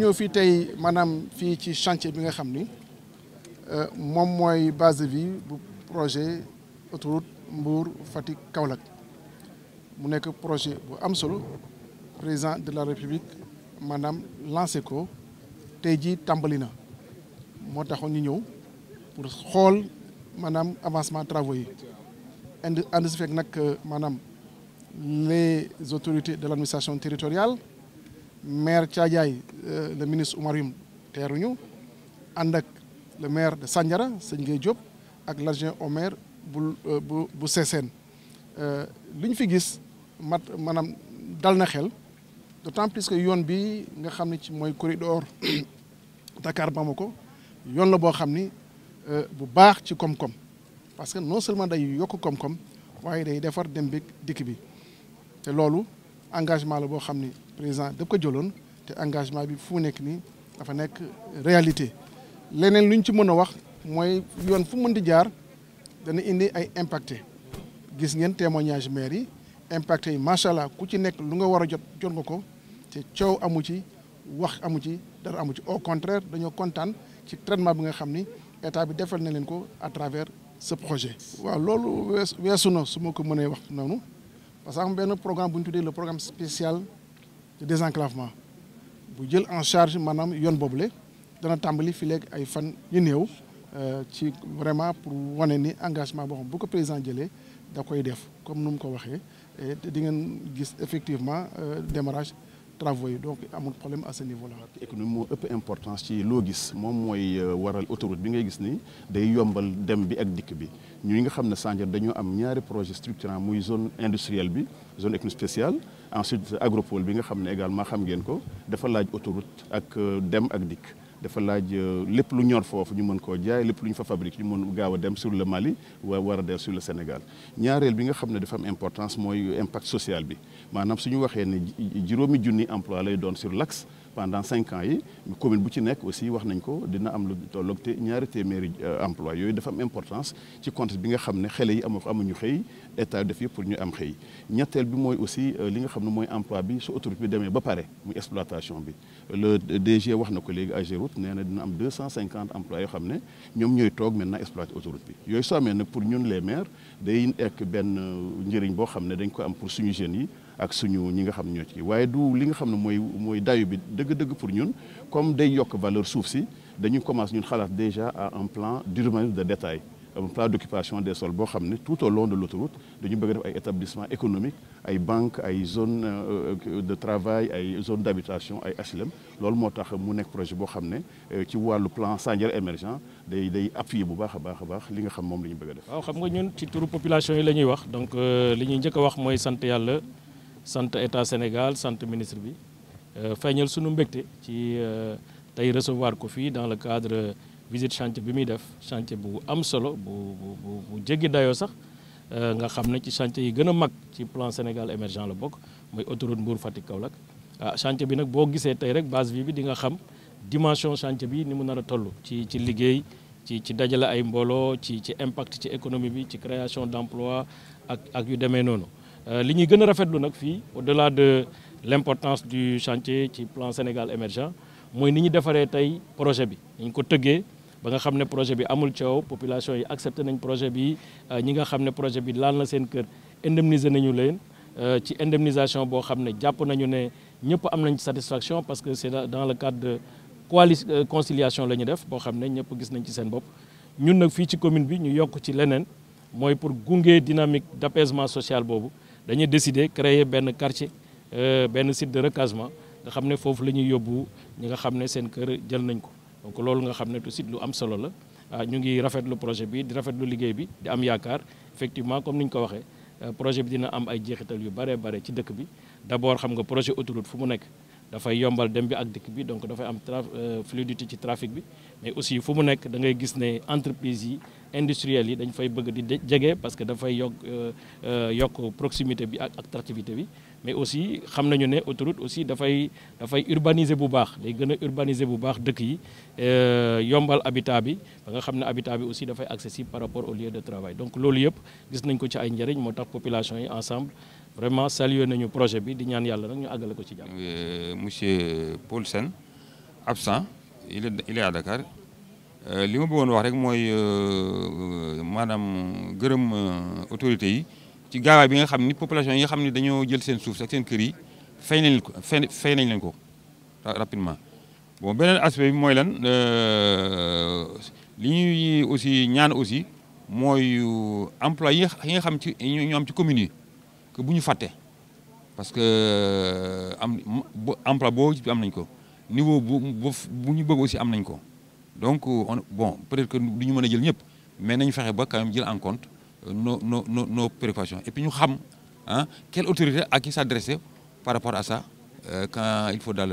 ñëw fii tey maanaam fii ci chantier bi nga xam ni euh, moom mooy base de vie bu projet autoroute Mbour Fatick Kaolack mu nekk projet bu am solo président de la république maanaam lancé ko tey jii tàmbali na moo taxoon ñu ñëw pour xool maanaam avancement travaux yi and ànd fekk nag euh, maanaam les autorités de l'administration territoriale maire Thiadiaye euh, le ministre Oumar Youm teeruñu ànd ak le maire de Sandiara sëñ Gueye Diop ak l'adjoint au maire euh, bu bu bu Sessène euh, li ñu fi gis mat maanaam dal na xel de plus que yoon bi nga xam ne ci mooy corridor Dakar ko yoon la boo xam ni bu baax ci koom-koom parce que non seulement day yokk koom-koom waaye day defar dem bi dikk bi te loolu engagement la boo xam ni président daf ko jëloon te engagement bi fu nekk nii dafa nekk réalité leneen lu ñu ci mën a wax mooy yoon fu mën di jaar dana indi ay impacté gis ngeen témoignage maire yi impacté yi macha allah ku ci nekk lu nga war a jot jot nga ko te coow amu ci wax amu ci dara amu ci au contraire dañoo kontaan ci traitement bi nga xam ni état bi defal na leen ko à travers sa projet. waaw loolu weesu weesu na su ma ko mënee wax noonu. parce que am benn programme bu ñu tuddee le programme spécial de désenclavement bu jël en charge maanaam yoon boobule dana tàmbali fi léegi ay fan yu néew euh, ci vraiment pour wane ni engagement boo xam bu ko président jëlee da koy def comme nu mu ko waxee te di ngeen gis effectivement euh, démarrage travaux yi donc amul problème à ce niveau là. économie moo ëpp importance ci loo gis moom mooy euh, waral autoroute bi ngay gis ni day yombal dem bi ak dikk bi ñu nga xam ne Sandiara dañoo am ñaari projet structurant muy zone industrielle bi zone économique spéciale ensuite agropole bi nga xam ne également xam ngeen ko dafa laaj autoroute ak euh, dem ak dikk. dafa laaj euh, lépp lu ñor foofu ñu mën koo jaay lépp lu ñu fa fabrique ñu mën gaaw a dem sur le Mali wa war a dem sur le Sénégal ñaareel bi nga xam ne dafa am importance mooy impact social bi maanaam suñu waxee ne juróomi junni emploi lay doon sur lax pendant cinq yi commune bu ci nekk aussi wax nañ ko dina am lu tolloog te ñaari téeméeri euh, emploi yooyu dafa am importance ci contexte bi nga xam ne xale yi amoo amuñu xëy état def yëpp pour ñu am xëy ñetteel bi mooy aussi euh, li nga xam ne mooy emploi bi su autoroute bi demee ba pare muy exploitation bi le DG wax na ko léegi Ageroute nee na dina am deux cent cinquante emplois yoo xam ne ñoom ñooy toog maintenant exploiter autoroute bi yooyu soo amee nag pour ñun les maires day nekk benn euh, njëriñ boo xam ne dañ ko am pour suñu jeunes yi ak suñu ñi nga xam ñoo ci waaye du li nga xam ne mooy mooy dayu bi dëgg-dëgg pour ñun comme day yokk valeur suuf si dañu commence ñun xalaat déjà à un plan d'urbanisme de détail un plan d'occupation des sols boo xam ne tout au long de l'autoroute dañu bëgg def ay établissement économique ay banque ay zone euh, de travail ay zone d'habitation ay HLM loolu moo tax mu nekk projet boo xam ne euh, ci wàllu plan Sandiara émergent day day appuyer bu baax a baax a baax li nga xam moom la ñu bëgg a def. waaw xam nga ñun ci turu population yi la ñuy wax donc euh, li ñuy njëkk a wax mooy sant yàlla sant état Sénégal sant ministre bi. Euh, feeñal sunu mbégte ci euh, tey recevoir ko fii dans le cadre euh, visite chantier bi muy def chantier bu am solo bu bu bu jéggi dayoo sax nga xam ne ci chantier yi gën a mag ci plan Sénégal émergent la bokk mooy autoroute Mbour Fatick Kaolack ah chantier bi nag boo gisee tey rek base vie bi di nga xam dimension chantier bi ni mu nar a toll ci ci liggéey ci ci dajale ay mbooloo ci ci impact ci économie bi ci création d'emploi ak ak yu demee noonu li ñuy gën rafetlu nag fii au de l'importance du chantier ci plan Sénégal émergent mooy ni ñu defaree tey projet bi dañ ko tëggee ba nga xam ne projet bi amul coow population yi accepté nañ projet bi euh, ñi nga xam ne projet bi laal na seen kër indemniser nañu leen euh, ci indemnisation boo xam ne jàpp nañu ne ñëpp am nañ satisfaction parce que c'est dans le cadre de coalition euh, conciliation la ñu def boo xam ne ñëpp gis nañ ci seen bopp ñun nag fii ci commune bi ñu yokk ci leneen mooy pour gunge dynamique d'apaisement social boobu dañuy décider créer benn quartier Euh, benn site de recasement nga xam ne foofu la ñuy yóbbu ñi nga xam ne seen kër jël nañ ko donc loolu nga xam ne tout site lu am solo la ah, ñu ngi rafetlu projet bi di rafetlu liggéey bi di am yaakaar effectivement comme ni ñu ko waxee euh, projet bi dina am ay jeexital yu bare bare ci dëkk bi d'abord xam nga projet autoroute fu mu nekk dafay yombal dem bi ak dikk bi donc dafay am tra euh, fluidité ci trafic bi mais aussi fu mu nekk da ngay gis ne entreprise yi industrielles yi dañ fay bëgg di jege parce que dafay yokk euh, euh, yokk proximité bi ak attractivité bi mais aussi xam nañu ne autoroute aussi dafay dafay urbaniser bu baax day gën a urbaniser bu baax dëkk yi yombal habitat bi ba nga xam ne habitat bi aussi dafay accessible par rapport au lieu de travail donc loolu yëpp gis nañ ko ci ay njëriñ moo tax population yi ensemble vraiment saluer nañu projet bi di ñaan yàlla nag ñu àggale ko ci jàmm. monsieur Paul Sène absent il est il est à Dakar euh, li ma bëggoon wax rek mooy euh, euh, maanaam gërëm autorités yi ci gaawaay bi nga xam ni population yi nga xam ni dañoo jël seen suuf ak seen kër yi fay nañ ko fay nañ leen ko rapidement. bon beneen aspect bi mooy lan li ñuy aussi ñaan aussi mooy emploi yi nga xam ci ñoo am ci communes yi. bu ñu fàtte parce que euh, am emploi boo ci am nañ ko niveau bu bu ñu bëgg aussi am nañ ko donc euh, on bon peut-être que du ñu mën a jël ñëpp mais nañu fexe ba quand jël en compte euh, nos nos nos nos et puis ñu xam ah quelle autorité ak qui s'adresser par rapport à ça quand il faut daal